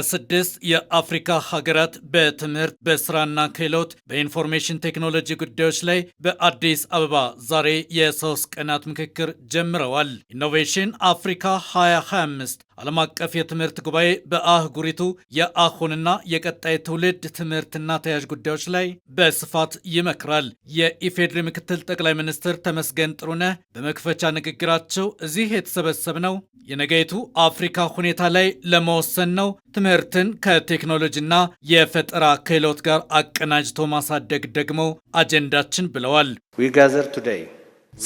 26 የአፍሪካ ሀገራት በትምህርት በስራና ክህሎት በኢንፎርሜሽን ቴክኖሎጂ ጉዳዮች ላይ በአዲስ አበባ ዛሬ የሶስት ቀናት ምክክር ጀምረዋል። ኢኖቬሽን አፍሪካ 2025 ዓለም አቀፍ የትምህርት ጉባኤ በአህጉሪቱ የአሁንና የቀጣይ ትውልድ ትምህርትና ተያያዥ ጉዳዮች ላይ በስፋት ይመክራል። የኢፌዴሪ ምክትል ጠቅላይ ሚኒስትር ተመስገን ጥሩነህ በመክፈቻ ንግግራቸው እዚህ የተሰበሰብነው የነገይቱ አፍሪካ ሁኔታ ላይ ለመወሰን ነው፣ ትምህርትን ከቴክኖሎጂና የፈጠራ ክህሎት ጋር አቀናጅቶ ማሳደግ ደግሞ አጀንዳችን ብለዋል።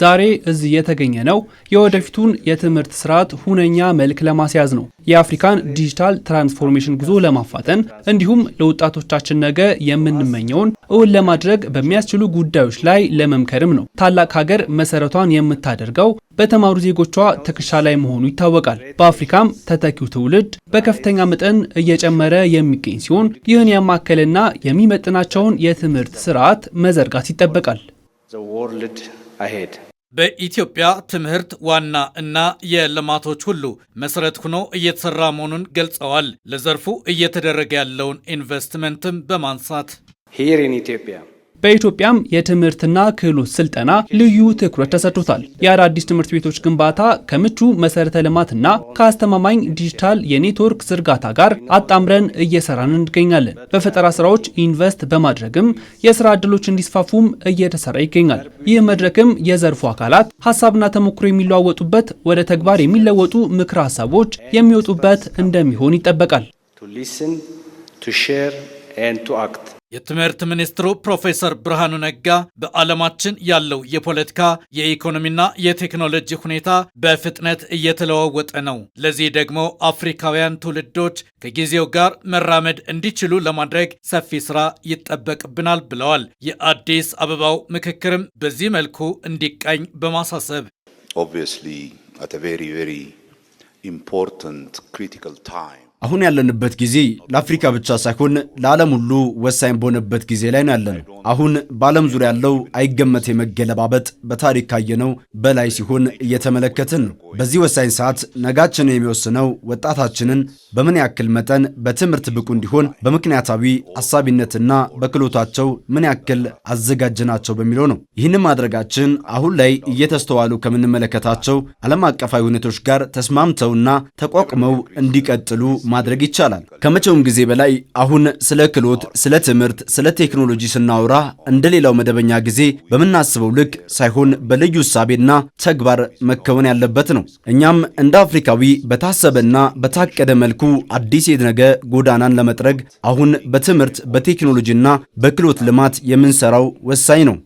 ዛሬ እዚህ የተገኘ ነው የወደፊቱን የትምህርት ስርዓት ሁነኛ መልክ ለማስያዝ ነው፣ የአፍሪካን ዲጂታል ትራንስፎርሜሽን ጉዞ ለማፋጠን እንዲሁም ለወጣቶቻችን ነገ የምንመኘውን እውን ለማድረግ በሚያስችሉ ጉዳዮች ላይ ለመምከርም ነው። ታላቅ ሀገር መሰረቷን የምታደርገው በተማሩ ዜጎቿ ትከሻ ላይ መሆኑ ይታወቃል። በአፍሪካም ተተኪው ትውልድ በከፍተኛ መጠን እየጨመረ የሚገኝ ሲሆን ይህን ያማከልና የሚመጥናቸውን የትምህርት ስርዓት መዘርጋት ይጠበቃል። አሄድ በኢትዮጵያ ትምህርት ዋና እና የልማቶች ሁሉ መሰረት ሆኖ እየተሰራ መሆኑን ገልጸዋል። ለዘርፉ እየተደረገ ያለውን ኢንቨስትመንትም በማንሳት ሂር ኢን ኢትዮጵያ በኢትዮጵያም የትምህርትና ክህሎት ስልጠና ልዩ ትኩረት ተሰጥቶታል። የአዳዲስ ትምህርት ቤቶች ግንባታ ከምቹ መሰረተ ልማትና ከአስተማማኝ ዲጂታል የኔትወርክ ዝርጋታ ጋር አጣምረን እየሰራን እንገኛለን። በፈጠራ ስራዎች ኢንቨስት በማድረግም የስራ ዕድሎች እንዲስፋፉም እየተሰራ ይገኛል። ይህ መድረክም የዘርፉ አካላት ሀሳብና ተሞክሮ የሚለዋወጡበት፣ ወደ ተግባር የሚለወጡ ምክረ ሀሳቦች የሚወጡበት እንደሚሆን ይጠበቃል። የትምህርት ሚኒስትሩ ፕሮፌሰር ብርሃኑ ነጋ በዓለማችን ያለው የፖለቲካ የኢኮኖሚና የቴክኖሎጂ ሁኔታ በፍጥነት እየተለዋወጠ ነው። ለዚህ ደግሞ አፍሪካውያን ትውልዶች ከጊዜው ጋር መራመድ እንዲችሉ ለማድረግ ሰፊ ስራ ይጠበቅብናል ብለዋል። የአዲስ አበባው ምክክርም በዚህ መልኩ እንዲቃኝ በማሳሰብ ኦብቪየስሊ አት ቬሪ ቬሪ ኢምፖርታንት ክሪቲካል ታይም አሁን ያለንበት ጊዜ ለአፍሪካ ብቻ ሳይሆን ለዓለም ሁሉ ወሳኝ በሆነበት ጊዜ ላይ ነው ያለን። አሁን በዓለም ዙሪያ ያለው አይገመት የመገለባበጥ በታሪክ ካየነው በላይ ሲሆን እየተመለከትን ነው። በዚህ ወሳኝ ሰዓት ነጋችንን የሚወስነው ወጣታችንን በምን ያክል መጠን በትምህርት ብቁ እንዲሆን በምክንያታዊ አሳቢነትና በክሎታቸው ምን ያክል አዘጋጅናቸው በሚለው ነው። ይህንን ማድረጋችን አሁን ላይ እየተስተዋሉ ከምንመለከታቸው ዓለም አቀፋዊ ሁኔታዎች ጋር ተስማምተውና ተቋቁመው እንዲቀጥሉ ማድረግ ይቻላል። ከመቼውም ጊዜ በላይ አሁን ስለ ክሎት፣ ስለ ትምህርት፣ ስለ ቴክኖሎጂ ስናወ ስናወራ እንደሌላው መደበኛ ጊዜ በምናስበው ልክ ሳይሆን በልዩ እሳቤና ተግባር መከወን ያለበት ነው። እኛም እንደ አፍሪካዊ በታሰበና በታቀደ መልኩ አዲስ የነገ ጎዳናን ለመጥረግ አሁን በትምህርት በቴክኖሎጂና በክህሎት ልማት የምንሰራው ወሳኝ ነው።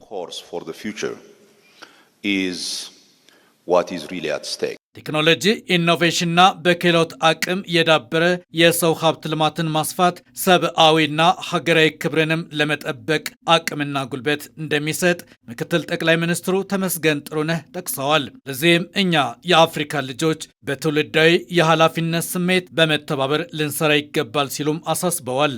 ቴክኖሎጂ ኢኖቬሽንና በክህሎት አቅም የዳበረ የሰው ሀብት ልማትን ማስፋት ሰብአዊና ሀገራዊ ክብርንም ለመጠበቅ አቅምና ጉልበት እንደሚሰጥ ምክትል ጠቅላይ ሚኒስትሩ ተመስገን ጥሩነህ ጠቅሰዋል። ለዚህም እኛ የአፍሪካ ልጆች በትውልዳዊ የኃላፊነት ስሜት በመተባበር ልንሰራ ይገባል ሲሉም አሳስበዋል።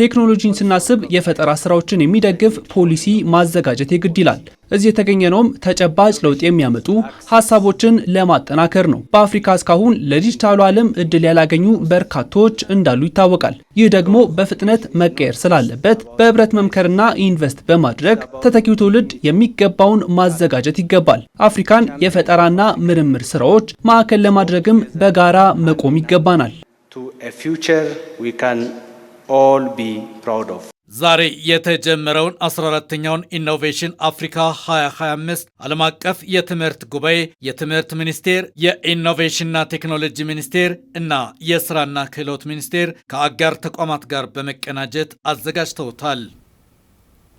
ቴክኖሎጂን ስናስብ የፈጠራ ስራዎችን የሚደግፍ ፖሊሲ ማዘጋጀት የግድ ይላል። እዚህ የተገኘነውም ተጨባጭ ለውጥ የሚያመጡ ሀሳቦችን ለማጠናከር ነው። በአፍሪካ እስካሁን ለዲጂታሉ ዓለም እድል ያላገኙ በርካቶች እንዳሉ ይታወቃል። ይህ ደግሞ በፍጥነት መቀየር ስላለበት በህብረት መምከርና ኢንቨስት በማድረግ ተተኪው ትውልድ የሚገባውን ማዘጋጀት ይገባል። አፍሪካን የፈጠራና ምርምር ስራዎች ማዕከል ለማድረግም በጋራ መቆም ይገባናል። ዛሬ የተጀመረውን 14ተኛውን ኢኖቬሽን አፍሪካ 2025 ዓለም አቀፍ የትምህርት ጉባኤ የትምህርት ሚኒስቴር፣ የኢኖቬሽንና ቴክኖሎጂ ሚኒስቴር እና የስራና ክህሎት ሚኒስቴር ከአጋር ተቋማት ጋር በመቀናጀት አዘጋጅተውታል።